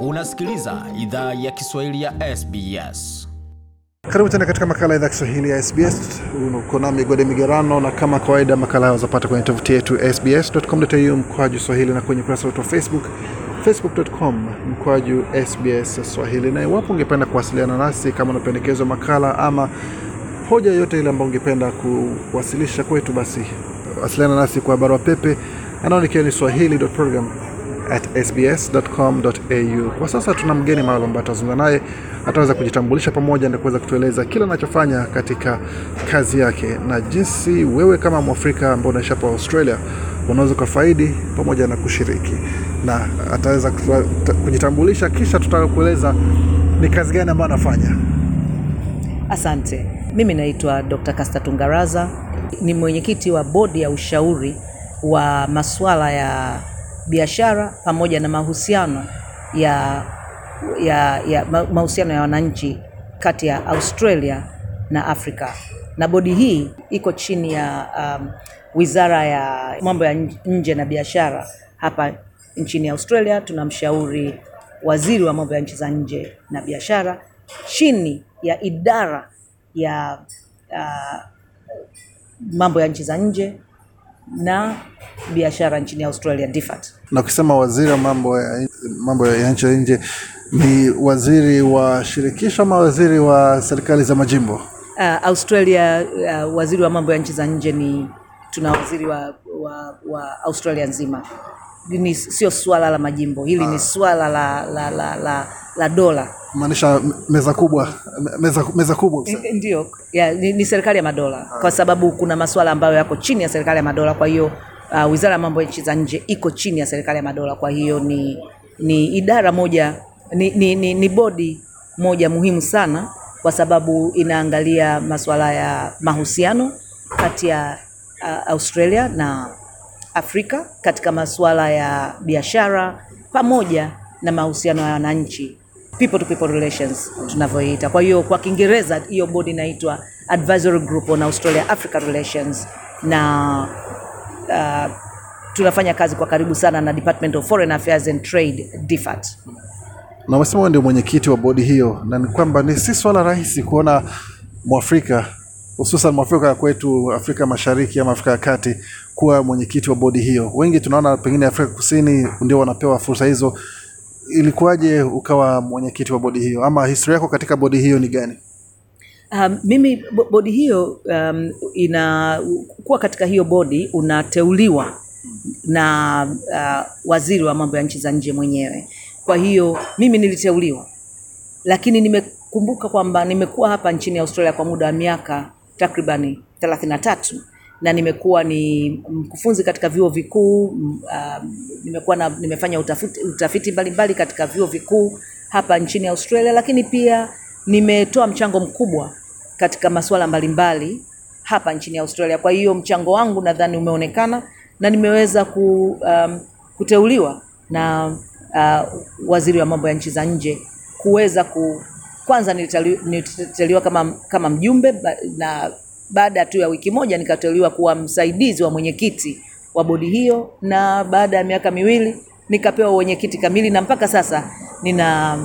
Unasikiliza idhaa ya Kiswahili ya SBS. Karibu tena katika makala idhaa ya Kiswahili ya SBS. Uko nami Gode Migerano, na kama kawaida makala hayo wazapata kwenye tovuti yetu sbs.com.au mkwaju swahili na kwenye ukurasa wetu wa Facebook facebook.com mkwaju SBS Swahili. Na iwapo ungependa kuwasiliana nasi, kama unapendekezwa makala ama hoja yoyote ile ambayo ungependa kuwasilisha kwetu, basi wasiliana nasi kwa barua pepe anaonikiwa ni swahili.program at sbs.com.au. Kwa sasa tuna mgeni maalum ambaye atazungumza naye, ataweza kujitambulisha pamoja na kuweza kutueleza kila anachofanya katika kazi yake na jinsi wewe kama Mwafrika ambao unaishi hapa Australia unaweza ukafaidi pamoja na kushiriki, na ataweza kujitambulisha, kisha tutakueleza ni kazi gani ambayo anafanya. Asante. Mimi naitwa Dr. Kasta Tungaraza, ni mwenyekiti wa bodi ya ushauri wa masuala ya biashara pamoja na mahusiano ya, ya, ya mahusiano ya wananchi kati ya Australia na Afrika, na bodi hii iko chini ya um, Wizara ya Mambo ya Nje na Biashara hapa nchini Australia. Tuna mshauri waziri wa mambo ya nchi za nje na biashara chini ya idara ya uh, mambo ya nchi za nje na biashara nchini Australia DFAT. Na ukisema waziri wa mambo ya mambo ya nchi ya nje ni waziri wa shirikisho ama waziri wa serikali za majimbo? Uh, Australia uh, waziri wa mambo ya nchi za nje ni tuna waziri wa, wa, wa Australia nzima. Ni sio swala la majimbo hili, ah. ni swala la, la, la, la la dola maanisha meza kubwa meza, meza kubwa ndio yeah, ni, ni serikali ya madola kwa sababu kuna masuala ambayo yako chini ya serikali ya madola kwa hiyo uh, wizara ya mambo ya nchi za nje iko chini ya serikali ya madola kwa hiyo ni ni idara moja ni, ni, ni, ni bodi moja muhimu sana kwa sababu inaangalia masuala ya mahusiano kati ya uh, Australia na Afrika katika masuala ya biashara pamoja na mahusiano ya wananchi people to people relations tunavyoita. Kwa hiyo kwa Kiingereza hiyo bodi inaitwa Advisory Group on Australia Africa Relations na uh, tunafanya kazi kwa karibu sana na Department of Foreign Affairs and Trade DFAT. Na umesema ndio mwenyekiti wa bodi hiyo, na ni kwamba ni si swala rahisi kuona Mwafrika hususan Mwafrika kwetu Afrika Mashariki ama Afrika ya Kati kuwa mwenyekiti wa bodi hiyo. Wengi tunaona pengine Afrika Kusini ndio wanapewa fursa hizo, ilikuwaje ukawa mwenyekiti wa bodi hiyo, ama historia yako katika bodi hiyo ni gani? Um, mimi bodi hiyo um, ina kuwa katika hiyo bodi unateuliwa na uh, waziri wa mambo ya nchi za nje mwenyewe. Kwa hiyo mimi niliteuliwa, lakini nimekumbuka kwamba nimekuwa hapa nchini Australia kwa muda wa miaka takribani thelathini na tatu na nimekuwa ni mkufunzi katika vyuo vikuu uh, nimekuwa na, nimefanya utafiti, utafiti mbalimbali katika vyuo vikuu hapa nchini Australia, lakini pia nimetoa mchango mkubwa katika masuala mbalimbali hapa nchini Australia. Kwa hiyo mchango wangu nadhani umeonekana na nimeweza ku, um, kuteuliwa na uh, waziri wa mambo ya nchi za nje kuweza ku kwanza niliteuliwa kama, kama mjumbe na baada tu ya wiki moja nikateuliwa kuwa msaidizi wa mwenyekiti wa bodi hiyo, na baada ya miaka miwili nikapewa wenyekiti kamili, na mpaka sasa nina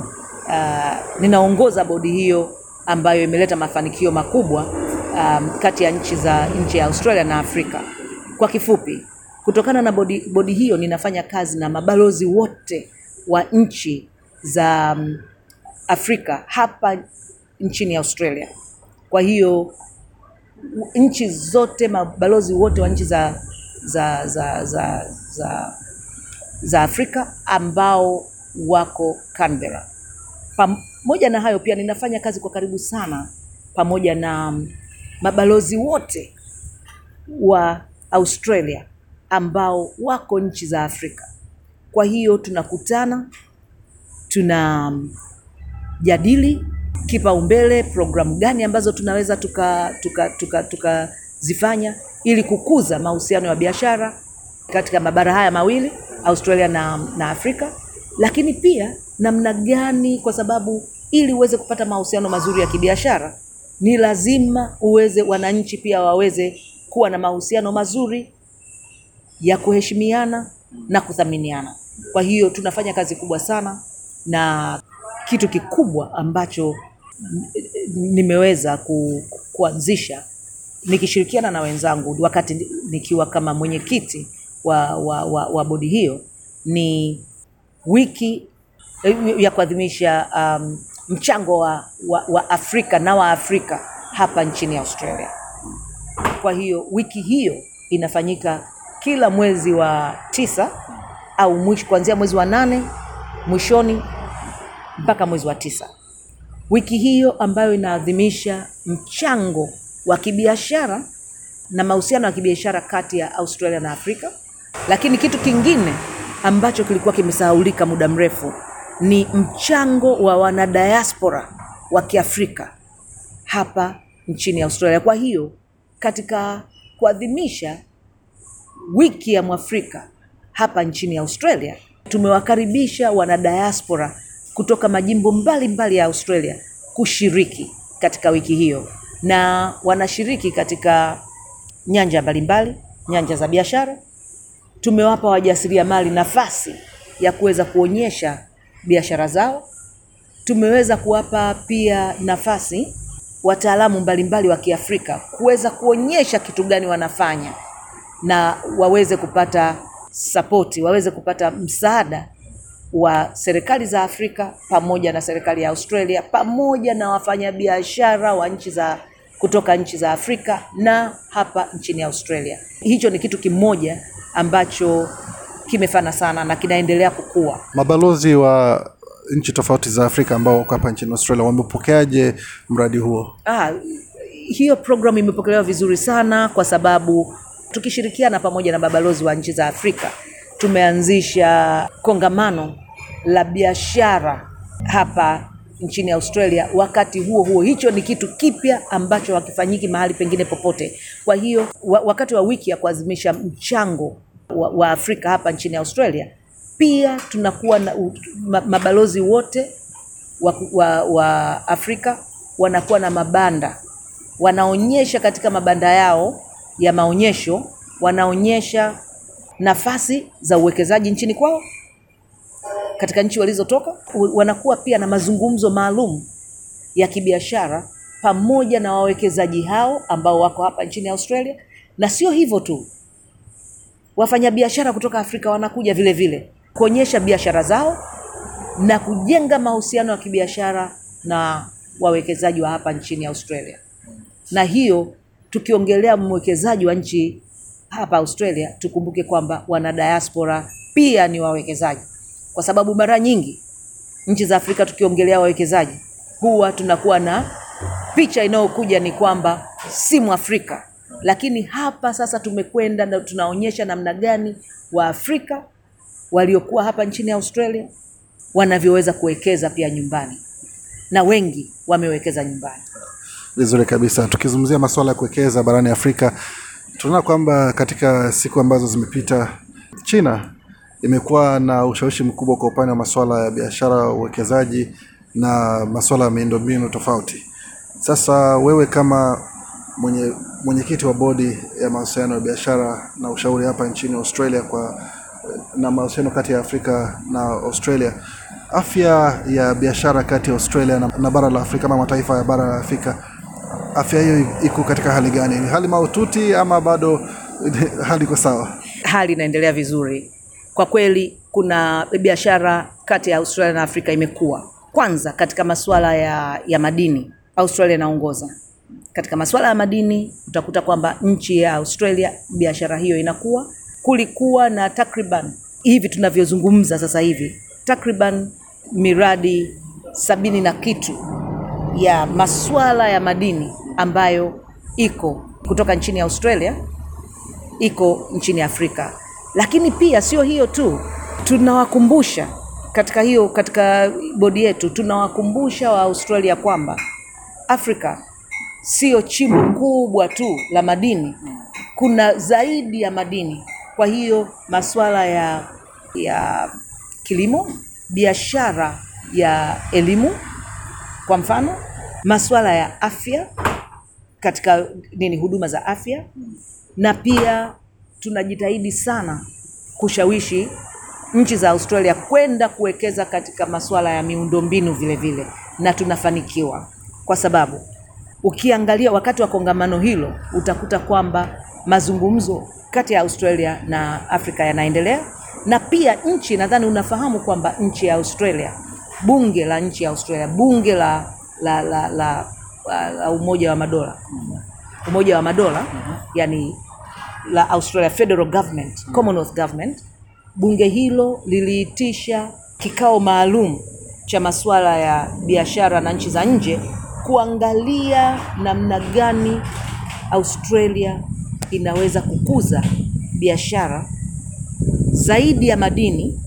uh, ninaongoza bodi hiyo ambayo imeleta mafanikio makubwa um, kati ya nchi za nchi ya Australia na Afrika. Kwa kifupi, kutokana na bodi, bodi hiyo ninafanya kazi na mabalozi wote wa nchi za um, Afrika hapa nchini Australia. Kwa hiyo nchi zote, mabalozi wote wa nchi za za za za za za Afrika ambao wako Canberra. Pamoja na hayo, pia ninafanya kazi kwa karibu sana pamoja na mabalozi wote wa Australia ambao wako nchi za Afrika. Kwa hiyo tunakutana, tunajadili kipaumbele, programu gani ambazo tunaweza tukazifanya tuka, tuka, tuka ili kukuza mahusiano ya biashara katika mabara haya mawili Australia na, na Afrika, lakini pia namna gani, kwa sababu ili uweze kupata mahusiano mazuri ya kibiashara ni lazima uweze, wananchi pia waweze kuwa na mahusiano mazuri ya kuheshimiana na kuthaminiana. Kwa hiyo tunafanya kazi kubwa sana na kitu kikubwa ambacho nimeweza ku, kuanzisha nikishirikiana na wenzangu wakati nikiwa kama mwenyekiti wa, wa, wa, wa bodi hiyo ni wiki eh, ya kuadhimisha um, mchango wa, wa, wa Afrika na Afrika hapa nchini Australia. Kwa hiyo wiki hiyo inafanyika kila mwezi wa tisa au mwisho kuanzia mwezi wa nane mwishoni mpaka mwezi wa tisa. Wiki hiyo ambayo inaadhimisha mchango wa kibiashara na mahusiano ya kibiashara kati ya Australia na Afrika. Lakini kitu kingine ambacho kilikuwa kimesahaulika muda mrefu ni mchango wa wanadiaspora wa Kiafrika hapa nchini Australia. Kwa hiyo katika kuadhimisha wiki ya Mwafrika hapa nchini Australia, tumewakaribisha wanadiaspora kutoka majimbo mbalimbali mbali ya Australia kushiriki katika wiki hiyo, na wanashiriki katika nyanja mbalimbali mbali, nyanja za biashara. Tumewapa wajasiriamali nafasi ya kuweza kuonyesha biashara zao. Tumeweza kuwapa pia nafasi wataalamu mbalimbali wa Kiafrika kuweza kuonyesha kitu gani wanafanya na waweze kupata sapoti, waweze kupata msaada wa serikali za Afrika pamoja na serikali ya Australia pamoja na wafanyabiashara wa nchi za kutoka nchi za Afrika na hapa nchini Australia. Hicho ni kitu kimoja ambacho kimefana sana na kinaendelea kukua. Mabalozi wa nchi tofauti za Afrika ambao wako hapa nchini Australia wamepokeaje mradi huo? Ah, hiyo programu imepokelewa vizuri sana kwa sababu tukishirikiana pamoja na mabalozi wa nchi za Afrika tumeanzisha kongamano la biashara hapa nchini Australia. Wakati huo huo, hicho ni kitu kipya ambacho hakifanyiki mahali pengine popote. Kwa hiyo wakati wa wiki ya kuadhimisha mchango wa, wa Afrika hapa nchini Australia, pia tunakuwa na mabalozi wote wa, wa, wa Afrika wanakuwa na mabanda, wanaonyesha katika mabanda yao ya maonyesho, wanaonyesha nafasi za uwekezaji nchini kwao katika nchi walizotoka, wanakuwa pia na mazungumzo maalum ya kibiashara pamoja na wawekezaji hao ambao wako hapa nchini Australia. Na sio hivyo tu, wafanyabiashara kutoka Afrika wanakuja vile vile kuonyesha biashara zao na kujenga mahusiano ya kibiashara na wawekezaji wa hapa nchini Australia. Na hiyo tukiongelea mwekezaji wa nchi hapa Australia, tukumbuke kwamba wana diaspora pia ni wawekezaji kwa sababu mara nyingi nchi za Afrika tukiongelea wawekezaji huwa tunakuwa na picha inayokuja ni kwamba si Mwafrika, lakini hapa sasa tumekwenda na tunaonyesha namna gani Waafrika waliokuwa hapa nchini Australia wanavyoweza kuwekeza pia nyumbani, na wengi wamewekeza nyumbani vizuri kabisa. Tukizungumzia masuala ya kuwekeza barani Afrika, tunaona kwamba katika siku ambazo zimepita China imekuwa na ushawishi mkubwa kwa upande wa masuala ya biashara, uwekezaji na masuala ya miundombinu tofauti. Sasa wewe kama mwenye mwenyekiti wa bodi ya mahusiano ya biashara na ushauri hapa nchini Australia kwa na mahusiano kati ya Afrika na Australia, afya ya biashara kati ya Australia na, na bara la Afrika ama mataifa ya bara la Afrika, afya hiyo iko katika hali gani? Hali mahututi ama bado hali iko sawa? Hali inaendelea vizuri kwa kweli kuna biashara kati ya Australia na Afrika imekuwa. Kwanza katika masuala ya, ya madini Australia inaongoza katika masuala ya madini. Utakuta kwamba nchi ya Australia biashara hiyo inakuwa. Kulikuwa na takriban hivi tunavyozungumza sasa hivi takriban miradi sabini na kitu ya masuala ya madini ambayo iko kutoka nchini Australia iko nchini Afrika. Lakini pia sio hiyo tu, tunawakumbusha katika hiyo katika bodi yetu tunawakumbusha wa Australia kwamba Afrika sio chimbo kubwa tu la madini, kuna zaidi ya madini. Kwa hiyo masuala ya ya kilimo, biashara ya elimu, kwa mfano masuala ya afya katika nini, huduma za afya na pia tunajitahidi sana kushawishi nchi za Australia kwenda kuwekeza katika masuala ya miundombinu vile vile, na tunafanikiwa kwa sababu ukiangalia wakati wa kongamano hilo utakuta kwamba mazungumzo kati ya Australia na Afrika yanaendelea, na pia nchi, nadhani unafahamu kwamba nchi ya Australia, bunge la nchi ya Australia, bunge la la la la, la, la Umoja wa Madola, Umoja wa Madola, mhm. yani la Australia Federal Government, Commonwealth Government, bunge hilo liliitisha kikao maalum cha masuala ya biashara na nchi za nje kuangalia namna gani Australia inaweza kukuza biashara zaidi ya madini,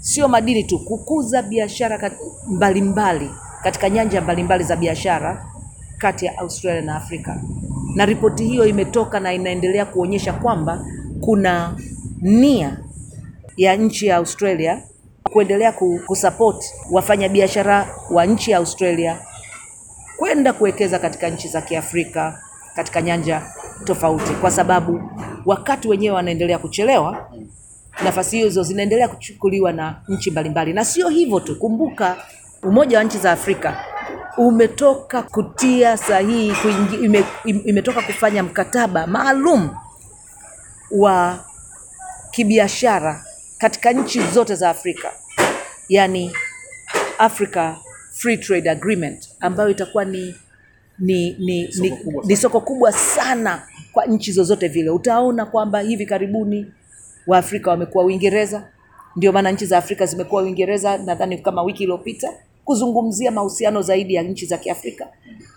sio madini tu, kukuza biashara mbalimbali katika nyanja mbalimbali za biashara kati ya Australia na Afrika na ripoti hiyo imetoka na inaendelea kuonyesha kwamba kuna nia ya nchi ya Australia kuendelea kusupport wafanyabiashara wa nchi ya Australia kwenda kuwekeza katika nchi za Kiafrika katika nyanja tofauti, kwa sababu wakati wenyewe wanaendelea kuchelewa, nafasi hizo zinaendelea kuchukuliwa na nchi mbalimbali. Na sio hivyo tu, kumbuka Umoja wa Nchi za Afrika umetoka kutia sahihi kuingi, ime, imetoka kufanya mkataba maalum wa kibiashara katika nchi zote za Afrika, yani Africa Free Trade Agreement ambayo itakuwa ni ni ni, soko ni, kubwa ni soko kubwa sana kwa nchi zozote vile. Utaona kwamba hivi karibuni Waafrika wamekuwa Uingereza, ndio maana nchi za Afrika zimekuwa Uingereza, nadhani kama wiki iliyopita kuzungumzia mahusiano zaidi ya nchi za Kiafrika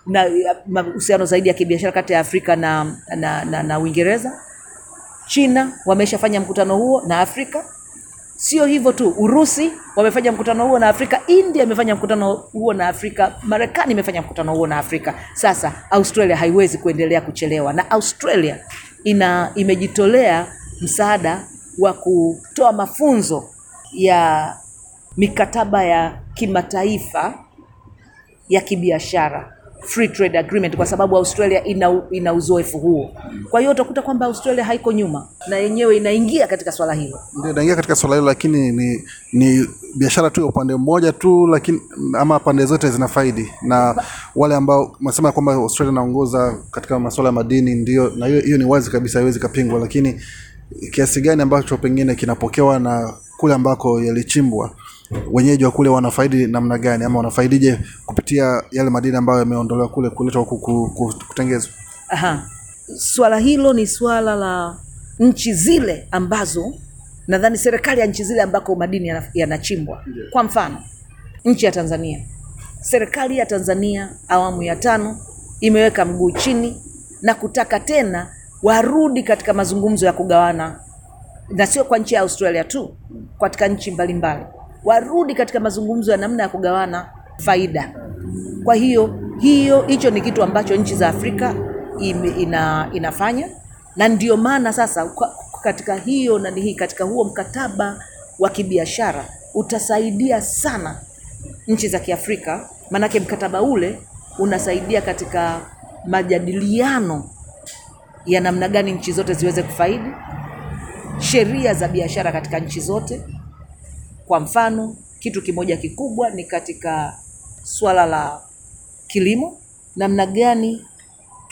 na mahusiano zaidi ya kibiashara kati ya Afrika na, na, na, na, Uingereza. China wameshafanya mkutano huo na Afrika. Sio hivyo tu, Urusi wamefanya mkutano huo na Afrika, India imefanya mkutano huo na Afrika, Marekani imefanya mkutano huo na Afrika. Sasa Australia haiwezi kuendelea kuchelewa, na Australia ina imejitolea msaada wa kutoa mafunzo ya mikataba ya kimataifa ya kibiashara free trade agreement kwa sababu Australia ina, ina uzoefu huo. Kwa hiyo utakuta kwamba Australia haiko nyuma na yenyewe inaingia katika swala hilo, ndio inaingia katika swala hilo, lakini ni, ni biashara tu ya upande mmoja tu, lakini ama pande zote zinafaidi, na wale ambao nasema kwamba Australia inaongoza katika masuala ya madini, ndio na hiyo ni wazi kabisa, haiwezi kapingwa, lakini kiasi gani ambacho pengine kinapokewa na kule ambako yalichimbwa wenyeji wa kule wanafaidi namna gani ama wanafaidije kupitia yale madini ambayo yameondolewa kule kuletwa huku kutengezwa? Aha, swala hilo ni swala la nchi zile ambazo nadhani serikali ya nchi zile ambako madini yanachimbwa. Kwa mfano nchi ya Tanzania, serikali ya Tanzania awamu ya tano imeweka mguu chini na kutaka tena warudi katika mazungumzo ya kugawana, na sio kwa nchi ya Australia tu, katika nchi mbalimbali mbali warudi katika mazungumzo ya namna ya kugawana faida. Kwa hiyo hiyo hicho ni kitu ambacho nchi za Afrika ime, ina, inafanya na ndio maana sasa kwa, katika hiyo na hii katika huo mkataba wa kibiashara utasaidia sana nchi za Kiafrika, maanake mkataba ule unasaidia katika majadiliano ya namna gani nchi zote ziweze kufaidi sheria za biashara katika nchi zote kwa mfano, kitu kimoja kikubwa ni katika swala la kilimo, namna gani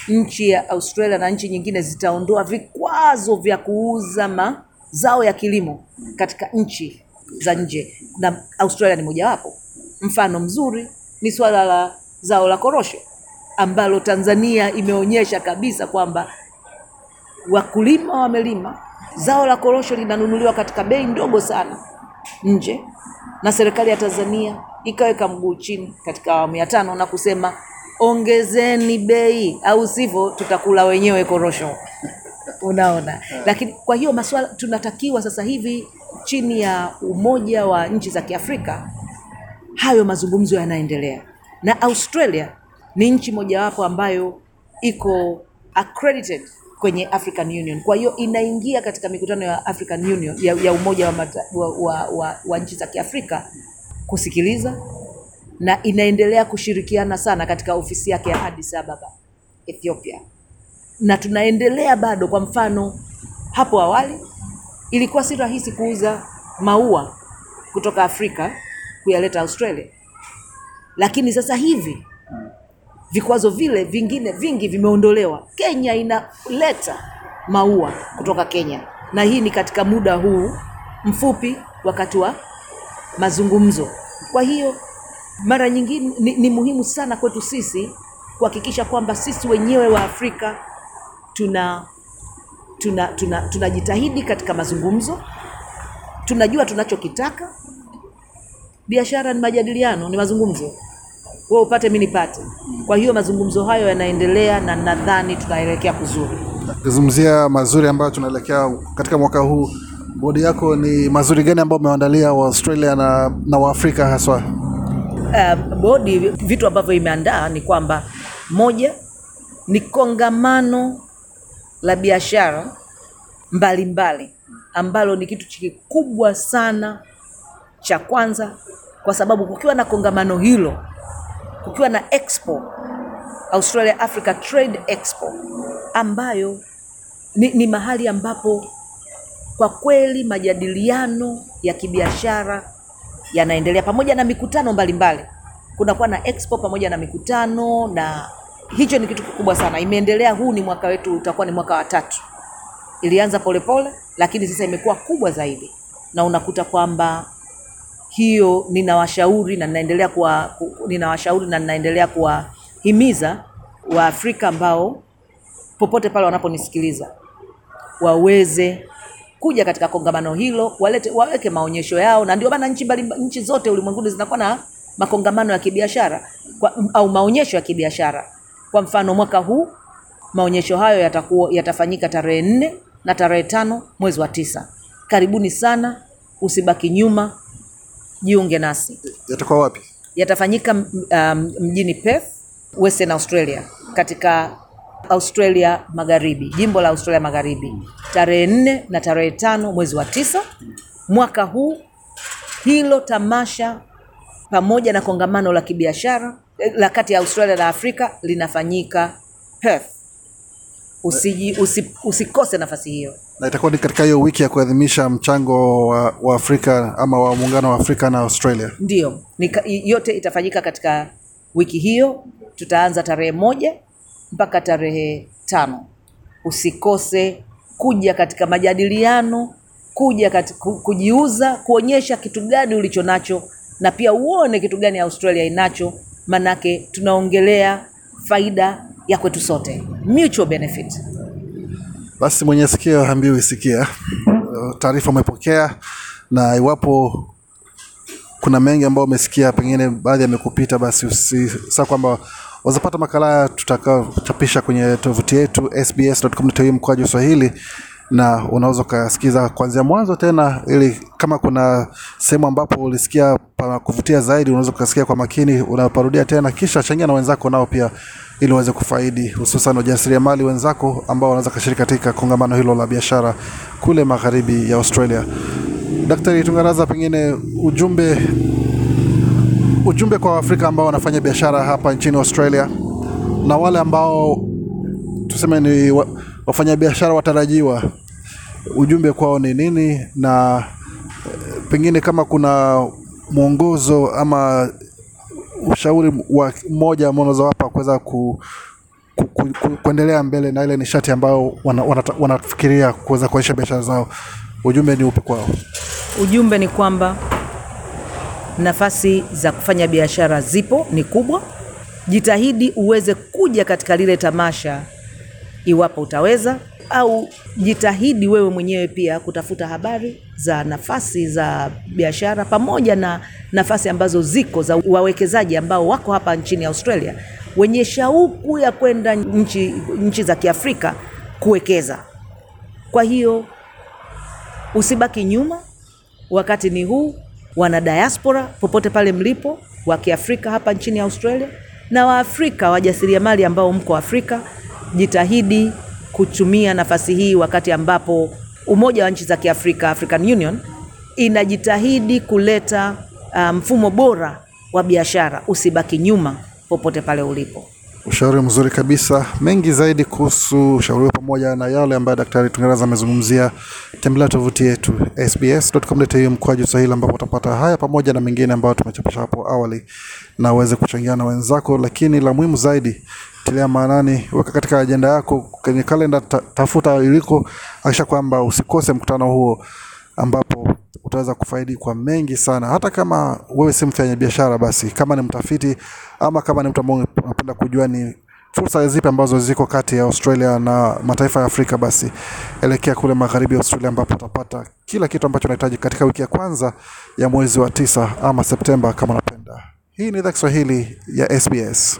nchi ya Australia na nchi nyingine zitaondoa vikwazo vya kuuza mazao ya kilimo katika nchi za nje, na Australia ni mojawapo. Mfano mzuri ni swala la zao la korosho ambalo Tanzania imeonyesha kabisa kwamba wakulima wamelima zao la korosho linanunuliwa katika bei ndogo sana, nje na serikali ya Tanzania ikaweka mguu chini katika awamu ya tano na kusema ongezeni bei, au sivyo tutakula wenyewe korosho. Unaona, lakini kwa hiyo masuala tunatakiwa sasa hivi chini ya umoja wa nchi za Kiafrika, hayo mazungumzo yanaendelea, na Australia ni nchi mojawapo ambayo iko accredited kwenye African Union. Kwa hiyo inaingia katika mikutano ya African Union ya, ya Umoja wa, mata, wa, wa, wa, wa nchi za Kiafrika kusikiliza na inaendelea kushirikiana sana katika ofisi yake ya Addis Ababa Ethiopia, na tunaendelea bado. Kwa mfano, hapo awali ilikuwa si rahisi kuuza maua kutoka Afrika kuyaleta Australia, lakini sasa hivi vikwazo vile vingine vingi vimeondolewa. Kenya inaleta maua kutoka Kenya, na hii ni katika muda huu mfupi, wakati wa mazungumzo. Kwa hiyo mara nyingine ni, ni muhimu sana kwetu sisi kuhakikisha kwamba sisi wenyewe wa Afrika tuna tunajitahidi tuna, tuna katika mazungumzo, tunajua tunachokitaka. Biashara ni majadiliano, ni mazungumzo wewe upate mimi nipate. Kwa hiyo mazungumzo hayo yanaendelea na nadhani tunaelekea kuzuri. Kuzungumzia mazuri ambayo tunaelekea katika mwaka huu, bodi yako ni mazuri gani ambayo wa Australia na, na Waafrika haswa? Uh, bodi vitu ambavyo imeandaa ni kwamba moja ni kongamano la biashara mbalimbali ambalo ni kitu kikubwa sana cha kwanza, kwa sababu kukiwa na kongamano hilo kukiwa na expo Australia Africa Trade Expo ambayo ni, ni mahali ambapo kwa kweli majadiliano ya kibiashara yanaendelea pamoja na mikutano mbalimbali kunakuwa na expo pamoja na mikutano, na hicho ni kitu kikubwa sana. Imeendelea, huu ni mwaka wetu, utakuwa ni mwaka wa tatu. Ilianza polepole pole, lakini sasa imekuwa kubwa zaidi, na unakuta kwamba hiyo ninawashauri na ninaendelea kuwa ku, ninawashauri na ninaendelea kuwahimiza Waafrika ambao popote pale wanaponisikiliza waweze kuja katika kongamano hilo, walete waweke maonyesho yao, na ndio maana nchi mbali, nchi zote ulimwenguni zinakuwa na makongamano ya kibiashara au maonyesho ya kibiashara. Kwa mfano mwaka huu maonyesho hayo yatakuwa yatafanyika tarehe nne na tarehe tano mwezi wa tisa. Karibuni sana, usibaki nyuma jiunge nasi. Yatakuwa wapi? Yatafanyika um, mjini Perth, Western Australia, katika Australia Magharibi, jimbo la Australia Magharibi, tarehe nne na tarehe tano mwezi wa tisa mwaka huu. Hilo tamasha pamoja na kongamano la kibiashara eh, la kati ya Australia na Afrika linafanyika Perth. Usiji, usi, usikose nafasi hiyo na itakuwa ni katika hiyo wiki ya kuadhimisha mchango wa, wa Afrika ama wa muungano wa Afrika na Australia. Ndio, yote itafanyika katika wiki hiyo. Tutaanza tarehe moja mpaka tarehe tano. Usikose kuja katika majadiliano, kuja katika, kujiuza, kuonyesha kitu gani ulicho nacho na pia uone kitu gani Australia inacho, manake tunaongelea faida ya kwetu sote, mutual benefit. Basi mwenye sikio haambiwi isikia Taarifa umepokea, na iwapo kuna mengi ambayo umesikia, pengine baadhi yamekupita, basi usisahau kwamba wazapata makala tutakaochapisha kwenye tovuti yetu sbs.com.au mkoaji Swahili na unaweza ukasikiza kuanzia mwanzo tena, ili kama kuna sehemu ambapo ulisikia pana kuvutia zaidi, unaweza ukasikia kwa makini, unaparudia tena, kisha changia na wenzako nao pia, ili waweze kufaidi, hususan wajasiriamali wenzako ambao wanaweza kushiriki katika kongamano hilo la biashara kule magharibi ya Australia. Daktari Tungaraza, pengine ujumbe ujumbe kwa Waafrika ambao wanafanya biashara hapa nchini Australia na wale ambao tuseme ni wa, wafanyabiashara watarajiwa ujumbe kwao ni nini, na eh, pengine kama kuna mwongozo ama ushauri wa mmoja ambao unaweza wapa kuweza ku, ku, ku, ku, kuendelea mbele na ile nishati ambayo wanafikiria wana, wana kuweza kuonyesha biashara zao, ujumbe ni upi kwao? Ujumbe ni kwamba nafasi za kufanya biashara zipo, ni kubwa. Jitahidi uweze kuja katika lile tamasha iwapo utaweza, au jitahidi wewe mwenyewe pia kutafuta habari za nafasi za biashara pamoja na nafasi ambazo ziko za wawekezaji ambao wako hapa nchini Australia wenye shauku ya kwenda nchi, nchi za Kiafrika kuwekeza. Kwa hiyo usibaki nyuma, wakati ni huu. Wana diaspora popote pale mlipo wa Kiafrika hapa nchini Australia na Waafrika wajasiriamali ambao mko Afrika jitahidi kutumia nafasi hii wakati ambapo umoja wa nchi za Kiafrika, African Union, inajitahidi kuleta uh, mfumo um, bora wa biashara. Usibaki nyuma popote pale ulipo. Ushauri mzuri kabisa. Mengi zaidi kuhusu ushauri huo pamoja na yale ambayo Daktari Tungereza amezungumzia, tembelea tovuti yetu sbs.com.au mkoaji Swahili, ambapo utapata haya pamoja na mengine ambayo tumechapisha hapo awali, na uweze kuchangia na wenzako. Lakini la muhimu zaidi tilia maanani, weka katika ajenda yako kwenye kalenda, ta, tafuta iliko, hakisha kwamba usikose mkutano huo ambapo utaweza kufaidi kwa mengi sana. Hata kama wewe si mfanya biashara, basi kama ni mtafiti ama kama ni mtu ambaye unapenda kujua ni fursa zipi ambazo ziko kati ya Australia na mataifa ya Afrika, basi elekea kule magharibi ya Australia ambapo utapata kila kitu ambacho unahitaji katika wiki ya kwanza ya mwezi wa tisa ama Septemba kama unapenda. Hii ni idhaa Kiswahili ya SBS.